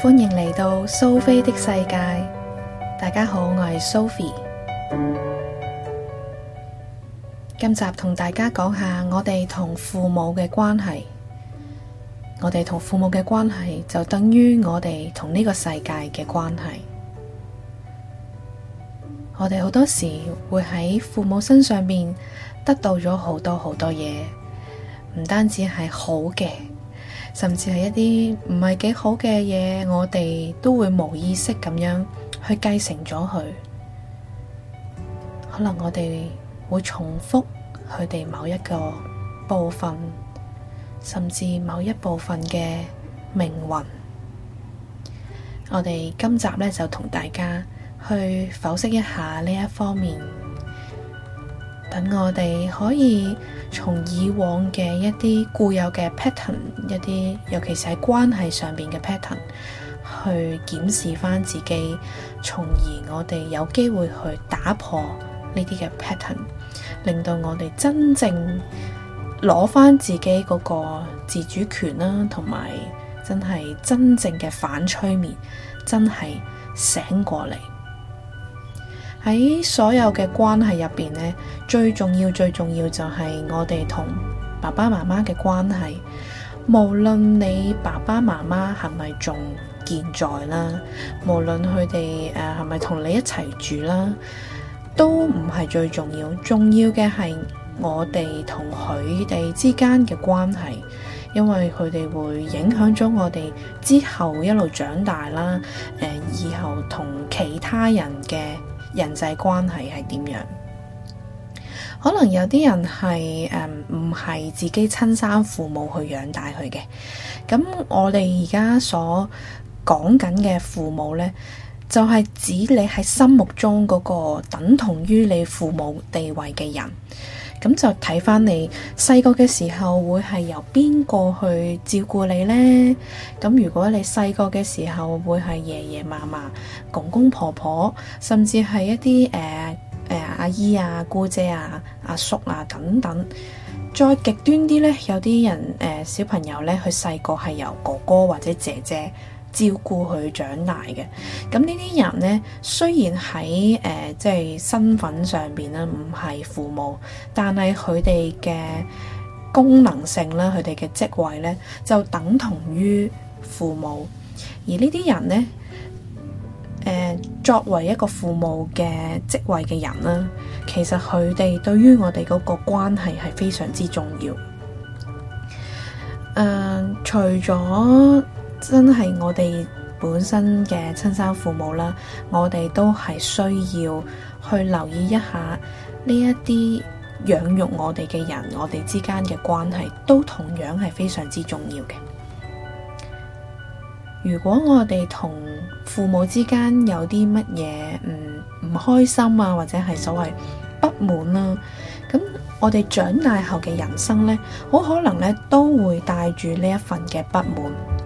歡迎嚟到蘇菲的世界，大家好，我係蘇菲。今集同大家講下我哋同父母嘅關係。我哋同父母嘅關係就等於我哋同呢個世界嘅關係。我哋好多時會喺父母身上面得到咗好多好多嘢，唔單止係好嘅。甚至係一啲唔係幾好嘅嘢，我哋都會冇意識咁樣去繼承咗佢。可能我哋會重複佢哋某一個部分，甚至某一部分嘅命運。我哋今集呢，就同大家去剖析一下呢一方面。等我哋可以從以往嘅一啲固有嘅 pattern，一啲尤其是喺關係上邊嘅 pattern，去檢視翻自己，從而我哋有機會去打破呢啲嘅 pattern，令到我哋真正攞翻自己嗰個自主權啦，同埋真係真正嘅反催眠，真係醒過嚟。喺所有嘅關係入邊呢，最重要最重要就係我哋同爸爸媽媽嘅關係。無論你爸爸媽媽係咪仲健在啦，無論佢哋誒係咪同你一齊住啦，都唔係最重要。重要嘅係我哋同佢哋之間嘅關係，因為佢哋會影響咗我哋之後一路長大啦。誒，以後同其他人嘅。人際關係係點樣？可能有啲人係唔係自己親生父母去養大佢嘅。咁我哋而家所講緊嘅父母呢，就係指你喺心目中嗰個等同於你父母地位嘅人。咁就睇翻你細個嘅時候會係由邊個去照顧你呢？咁如果你細個嘅時候會係爺爺嫲嫲、公公婆婆，甚至係一啲誒誒阿姨啊、姑姐啊、阿叔啊等等。再極端啲呢，有啲人誒、呃、小朋友呢，佢細個係由哥哥或者姐姐照顧佢長大嘅，咁呢啲人呢，雖然喺誒即係身份上邊呢，唔係父母，但係佢哋嘅功能性咧，佢哋嘅職位呢，就等同於父母。而呢啲人呢，誒、呃、作為一個父母嘅職位嘅人呢，其實佢哋對於我哋嗰個關係係非常之重要。誒、呃，除咗。真係我哋本身嘅親生父母啦，我哋都係需要去留意一下呢一啲養育我哋嘅人，我哋之間嘅關係都同樣係非常之重要嘅。如果我哋同父母之間有啲乜嘢唔唔開心啊，或者係所謂不滿啦，啊，咁我哋長大後嘅人生呢，好可能呢都會帶住呢一份嘅不滿。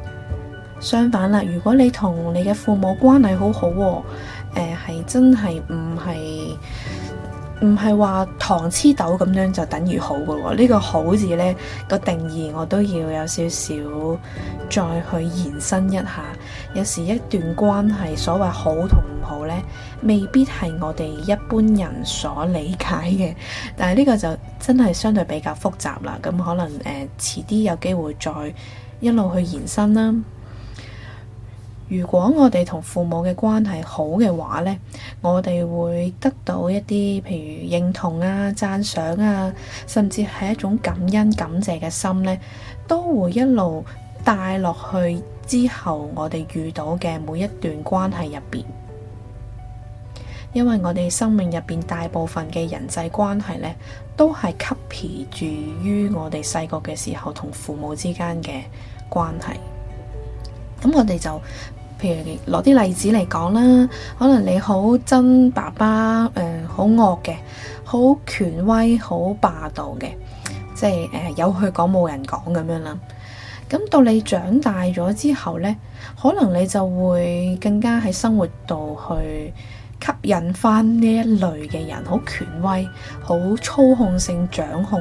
相反啦，如果你同你嘅父母關係好好，誒、呃、係真係唔係唔係話糖黐豆咁樣就等於好㗎喎？呢、呢個好字呢個定義我都要有少少再去延伸一下。有時一段關係所謂好同唔好呢，未必係我哋一般人所理解嘅。但係呢個就真係相對比較複雜啦。咁可能誒、呃，遲啲有機會再一路去延伸啦。如果我哋同父母嘅關係好嘅話呢，我哋會得到一啲譬如認同啊、讚賞啊，甚至係一種感恩、感謝嘅心呢，都會一路帶落去之後我哋遇到嘅每一段關係入邊。因為我哋生命入邊大部分嘅人際關係呢，都係 copy 住於我哋細個嘅時候同父母之間嘅關係。咁我哋就。譬如攞啲例子嚟講啦，可能你好憎爸爸，誒、呃、好惡嘅，好權威，好霸道嘅，即係誒、呃、有佢講冇人講咁樣啦。咁到你長大咗之後呢，可能你就會更加喺生活度去吸引翻呢一類嘅人，好權威、好操控性、掌控、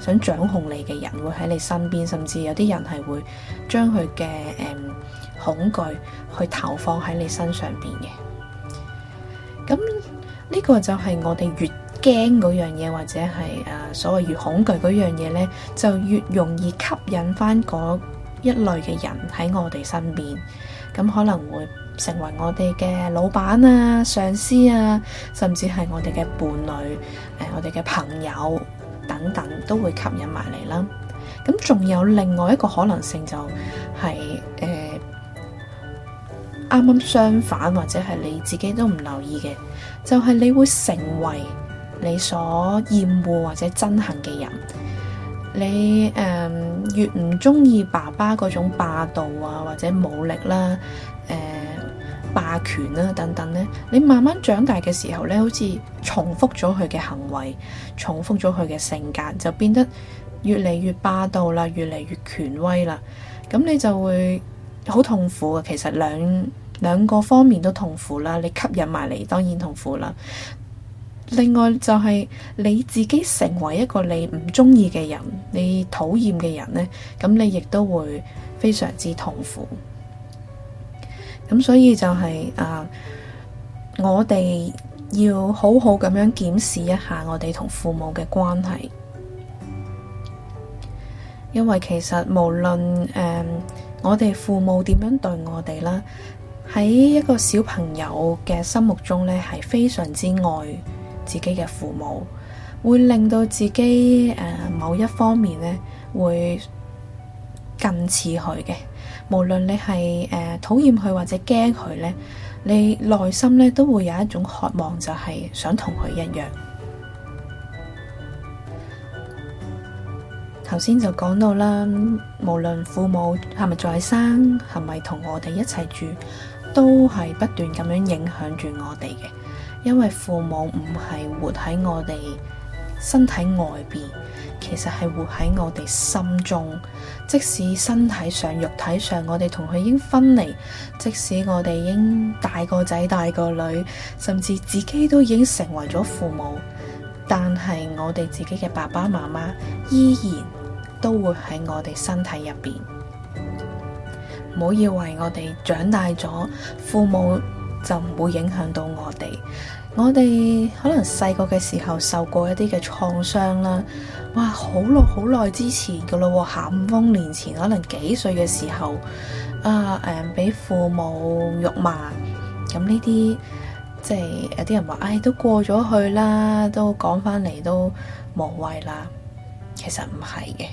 想掌控你嘅人，會喺你身邊，甚至有啲人係會將佢嘅誒恐懼去投放喺你身上面嘅。咁呢、這個就係我哋越驚嗰樣嘢，或者係誒、呃、所謂越恐懼嗰樣嘢呢就越容易吸引翻嗰一類嘅人喺我哋身邊。咁可能會。成為我哋嘅老闆啊、上司啊，甚至係我哋嘅伴侶、誒、呃、我哋嘅朋友等等，都會吸引埋嚟啦。咁仲有另外一個可能性就係、是、誒、啱、呃、啱相反或者係你自己都唔留意嘅，就係、是、你會成為你所厭惡或者憎恨嘅人。你誒、呃、越唔中意爸爸嗰種霸道啊或者武力啦、啊。呃、霸權啦，等等呢，你慢慢長大嘅時候呢，好似重複咗佢嘅行為，重複咗佢嘅性格，就變得越嚟越霸道啦，越嚟越權威啦，咁你就會好痛苦嘅。其實兩兩個方面都痛苦啦，你吸引埋嚟當然痛苦啦。另外就係你自己成為一個你唔中意嘅人，你討厭嘅人呢，咁你亦都會非常之痛苦。咁所以就係、是、啊，uh, 我哋要好好咁樣檢視一下我哋同父母嘅關係，因為其實無論誒、uh, 我哋父母點樣對我哋啦，喺一個小朋友嘅心目中咧，係非常之愛自己嘅父母，會令到自己誒、uh, 某一方面咧會。近似佢嘅，無論你係誒討厭佢或者驚佢呢，你內心呢都會有一種渴望，就係想同佢一樣。頭先就講到啦，無論父母係咪在生，係咪同我哋一齊住，都係不斷咁樣影響住我哋嘅，因為父母唔係活喺我哋，身體外邊其實係活喺我哋心中，即使身體上、肉體上，我哋同佢已經分離；即使我哋已經大個仔、大個女，甚至自己都已經成為咗父母，但係我哋自己嘅爸爸媽媽依然都會喺我哋身體入邊。唔好以為我哋長大咗，父母就唔會影響到我哋。我哋可能細個嘅時候受過一啲嘅創傷啦，哇，好耐好耐之前噶咯，咸豐年前可能幾歲嘅時候啊，誒、嗯，俾父母辱罵，咁呢啲即係有啲人話，唉、哎，都過咗去啦，都講翻嚟都無謂啦。其實唔係嘅，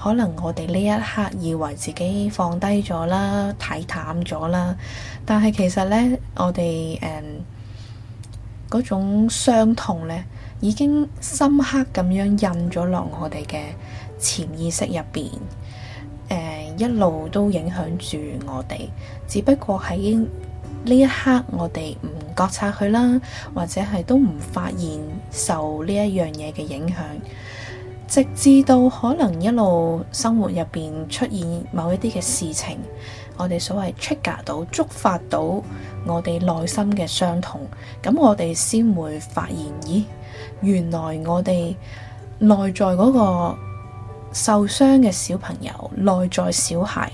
可能我哋呢一刻以為自己放低咗啦，睇淡咗啦，但係其實呢，我哋誒。嗯嗰種傷痛呢，已經深刻咁樣印咗落我哋嘅潛意識入邊，誒、呃、一路都影響住我哋。只不過喺呢一刻我哋唔覺察佢啦，或者係都唔發現受呢一樣嘢嘅影響，直至到可能一路生活入邊出現某一啲嘅事情。我哋所謂 trigger 到、觸發到我哋內心嘅傷痛，咁我哋先會發現，咦，原來我哋內在嗰個受傷嘅小朋友、內在小孩，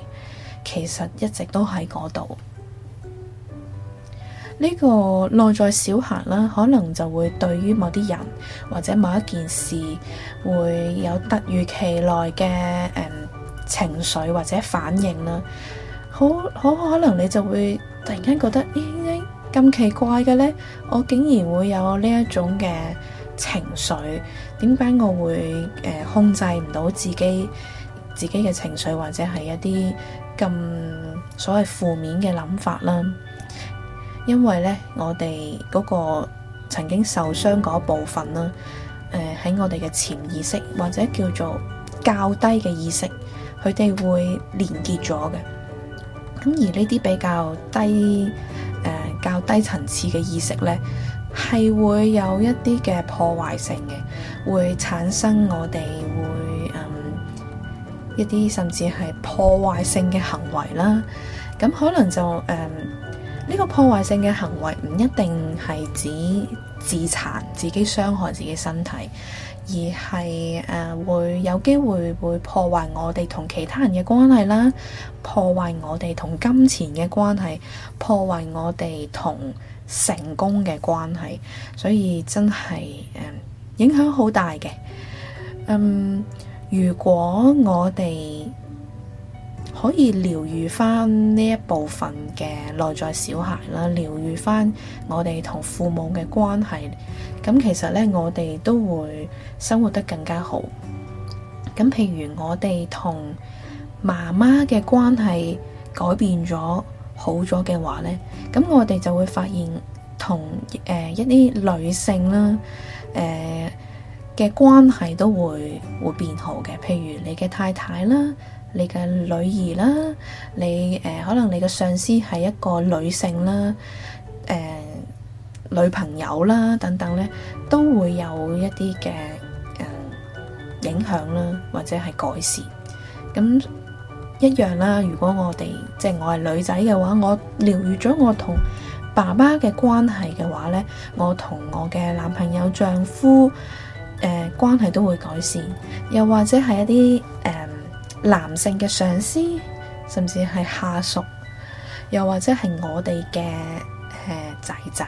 其實一直都喺嗰度。呢、這個內在小孩啦，可能就會對於某啲人或者某一件事，會有突如其來嘅、嗯、情緒或者反應啦。好好，可能你就會突然間覺得咦，咁、欸欸、奇怪嘅呢。我竟然會有呢一種嘅情緒，點解我會誒、呃、控制唔到自己自己嘅情緒或者係一啲咁所謂負面嘅諗法啦？因為呢，我哋嗰個曾經受傷嗰部分啦，喺、呃、我哋嘅潛意識或者叫做較低嘅意識，佢哋會連結咗嘅。咁而呢啲比較低誒、呃、較低層次嘅意識呢，係會有一啲嘅破壞性嘅，會產生我哋會誒、嗯、一啲甚至係破壞性嘅行為啦。咁、嗯、可能就誒呢、嗯這個破壞性嘅行為唔一定係指自殘，自己傷害自己身體。而係誒、呃、會有機會會破壞我哋同其他人嘅關係啦，破壞我哋同金錢嘅關係，破壞我哋同成功嘅關係，所以真係、嗯、影響好大嘅。嗯，如果我哋可以療癒翻呢一部分嘅內在小孩啦，療癒翻我哋同父母嘅關係。咁其實呢，我哋都會生活得更加好。咁譬如我哋同媽媽嘅關係改變咗好咗嘅話呢，咁我哋就會發現同誒，一啲女性啦，誒嘅關係都會會變好嘅。譬如你嘅太太啦。你嘅女兒啦，你誒可能你嘅上司係一個女性啦，誒女朋友啦等等咧，都會有一啲嘅誒影響啦，或者係改善。咁一樣啦，如果我哋即係我係女仔嘅話，我療癒咗我同爸爸嘅關係嘅話咧，我同我嘅男朋友、丈夫誒關係都會改善，又或者係一啲誒，男性嘅上司，甚至係下屬，又或者係我哋嘅誒仔仔，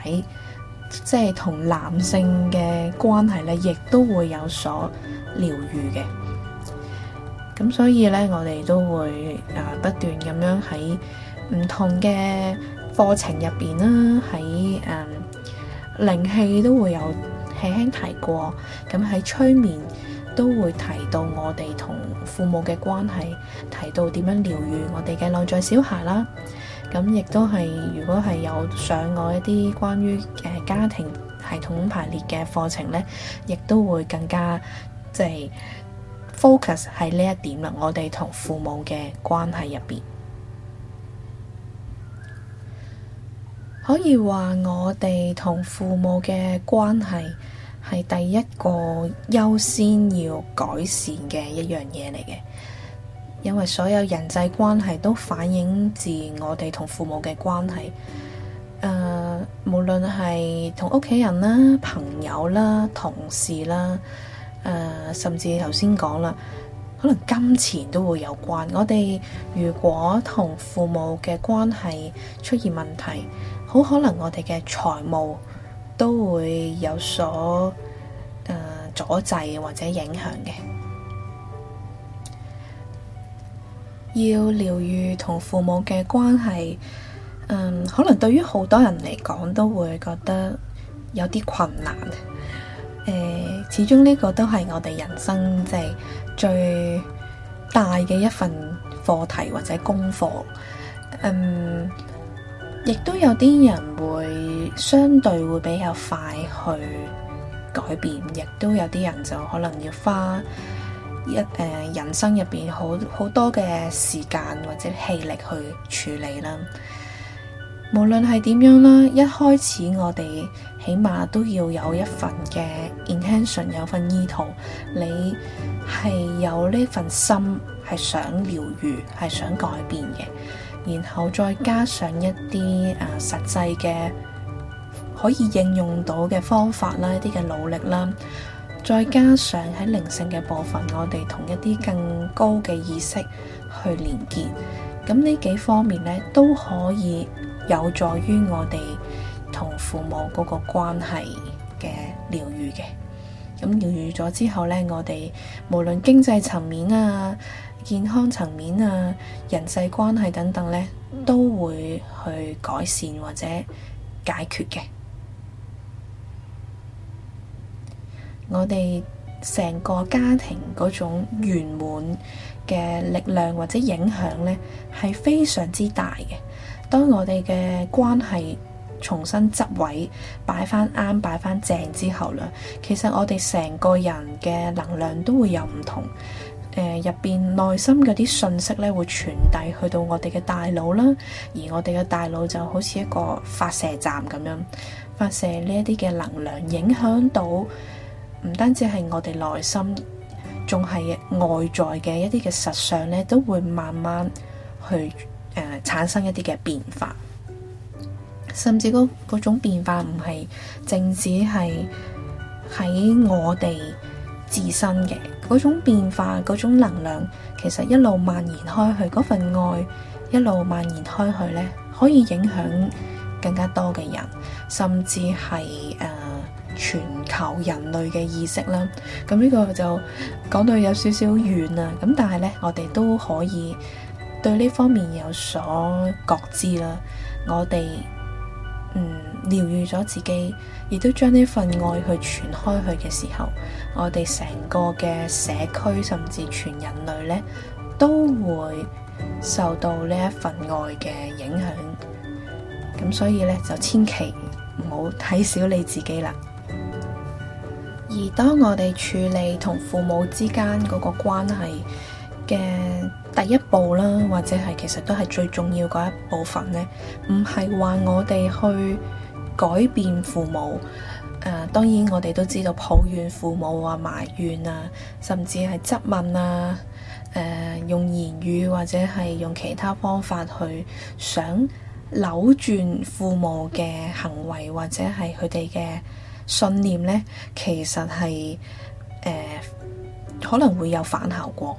即係同男性嘅關係咧，亦都會有所療癒嘅。咁所以咧，我哋都會誒、呃、不斷咁樣喺唔同嘅課程入邊啦，喺誒靈氣都會有輕輕提過，咁喺催眠。都會提到我哋同父母嘅關係，提到點樣療愈我哋嘅內在小孩啦。咁亦都係，如果係有上我一啲關於家庭系統排列嘅課程呢，亦都會更加即係、就是、focus 喺呢一點啦。我哋同父母嘅關係入邊，可以話我哋同父母嘅關係。係第一個優先要改善嘅一樣嘢嚟嘅，因為所有人際關係都反映自我哋同父母嘅關係。誒、呃，無論係同屋企人啦、朋友啦、同事啦，誒、呃，甚至頭先講啦，可能金錢都會有關。我哋如果同父母嘅關係出現問題，好可能我哋嘅財務。都會有所誒、呃、阻滯或者影響嘅，要療癒同父母嘅關係，嗯，可能對於好多人嚟講都會覺得有啲困難。誒、呃，始終呢個都係我哋人生即係最大嘅一份課題或者功課，嗯。亦都有啲人會相對會比較快去改變，亦都有啲人就可能要花一誒、呃、人生入面好好多嘅時間或者氣力去處理啦。無論係點樣啦，一開始我哋起碼都要有一份嘅 intention，有份意圖，你係有呢份心係想療癒，係想改變嘅。然後再加上一啲誒實際嘅可以應用到嘅方法啦，一啲嘅努力啦，再加上喺靈性嘅部分，我哋同一啲更高嘅意識去連結，咁呢幾方面呢，都可以有助於我哋同父母嗰個關係嘅療癒嘅。咁療癒咗之後呢，我哋無論經濟層面啊，健康層面啊，人際關係等等咧，都會去改善或者解決嘅。我哋成個家庭嗰種圓滿嘅力量或者影響咧，係非常之大嘅。當我哋嘅關係重新執位擺翻啱，擺翻正，擺正之後啦，其實我哋成個人嘅能量都會有唔同。誒，入邊內心嗰啲信息咧，會傳遞去到我哋嘅大腦啦，而我哋嘅大腦就好似一個發射站咁樣，發射呢一啲嘅能量，影響到唔單止係我哋內心，仲係外在嘅一啲嘅實相咧，都會慢慢去誒、呃、產生一啲嘅變化，甚至嗰嗰種變化唔係淨止係喺我哋自身嘅。嗰種變化，嗰種能量，其實一路蔓延開去，嗰份愛一路蔓延開去呢，可以影響更加多嘅人，甚至係誒、呃、全球人類嘅意識啦。咁呢個就講到有少少遠啦，咁但係呢，我哋都可以對呢方面有所覺知啦。我哋。嗯，療癒咗自己，亦都將呢份愛去傳開去嘅時候，我哋成個嘅社區，甚至全人類呢，都會受到呢一份愛嘅影響。咁所以呢，就千祈唔好睇小你自己啦。而當我哋處理同父母之間嗰個關係嘅，第一步啦，或者係其實都係最重要嗰一部分咧，唔係話我哋去改變父母。誒、呃，當然我哋都知道抱怨父母啊、埋怨啊，甚至係質問啊，誒、呃、用言語或者係用其他方法去想扭轉父母嘅行為或者係佢哋嘅信念咧，其實係誒、呃、可能會有反效果。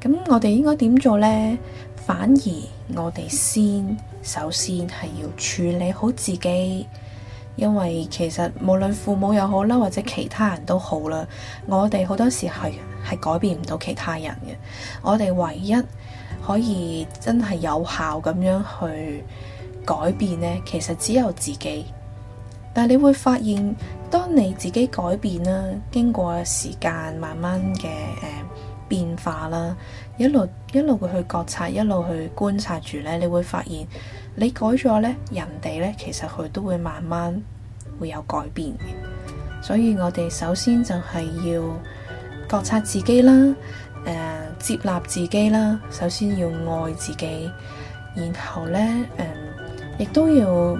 咁我哋應該點做呢？反而我哋先首先係要處理好自己，因為其實無論父母又好啦，或者其他人都好啦，我哋好多時係係改變唔到其他人嘅。我哋唯一可以真係有效咁樣去改變呢，其實只有自己。但係你會發現，當你自己改變啦，經過時間慢慢嘅變化啦，一路一路去去覺察，一路去觀察住咧，你會發現你改咗咧，人哋咧其實佢都會慢慢會有改變嘅。所以我哋首先就係要覺察自己啦，誒、呃，接納自己啦，首先要愛自己，然後咧，誒、呃，亦都要。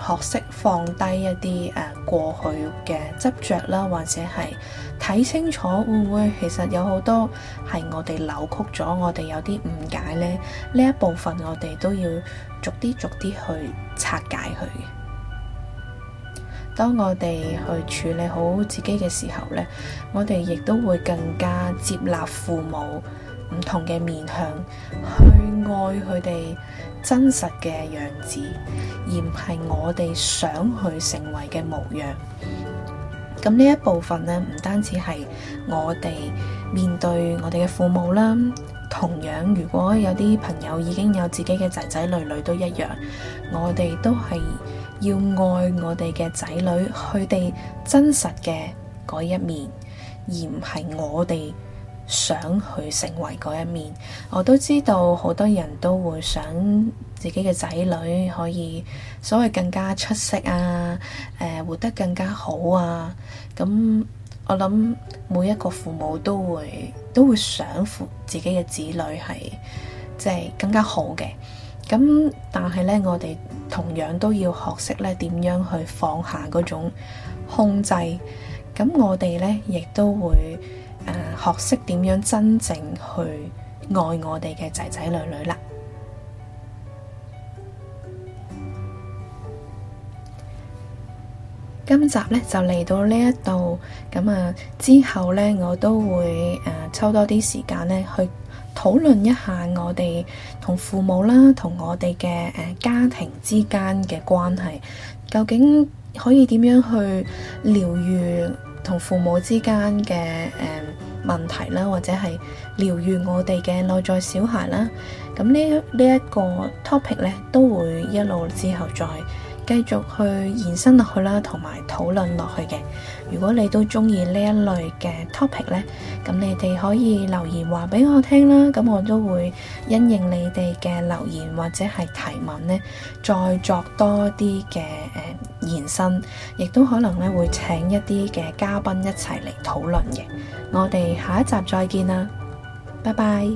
學識放低一啲誒過去嘅執着啦，或者係睇清楚會唔會其實有好多係我哋扭曲咗，我哋有啲誤解呢。呢一部分我哋都要逐啲逐啲去拆解佢嘅。當我哋去處理好自己嘅時候呢，我哋亦都會更加接納父母唔同嘅面向，去愛佢哋。真實嘅樣子，而唔係我哋想去成為嘅模樣。咁呢一部分呢，唔單止係我哋面對我哋嘅父母啦，同樣，如果有啲朋友已經有自己嘅仔仔女女都一樣，我哋都係要愛我哋嘅仔女，佢哋真實嘅嗰一面，而唔係我哋想去成為嗰一面，我都知道好多人都會想自己嘅仔女可以所謂更加出色啊，誒、呃、活得更加好啊。咁我諗每一個父母都會都會想自己嘅子女係即係更加好嘅。咁但係呢，我哋同樣都要學識咧點樣去放下嗰種控制。咁我哋呢，亦都會。學識點樣真正去愛我哋嘅仔仔女女啦。今集呢就嚟到呢一度，咁啊之後呢我都會誒抽多啲時間呢去討論一下我哋同父母啦，同我哋嘅誒家庭之間嘅關係，究竟可以點樣去療愈？同父母之間嘅誒問題啦，或者係療癒我哋嘅內在小孩啦，咁呢一呢一個 topic 呢，都會一路之後再繼續去延伸落去啦，同埋討論落去嘅。如果你都中意呢一類嘅 topic 呢，咁你哋可以留言話俾我聽啦。咁我都會因應你哋嘅留言或者係提問呢，再作多啲嘅誒延伸，亦都可能咧會請一啲嘅嘉賓一齊嚟討論嘅。我哋下一集再見啦，拜拜。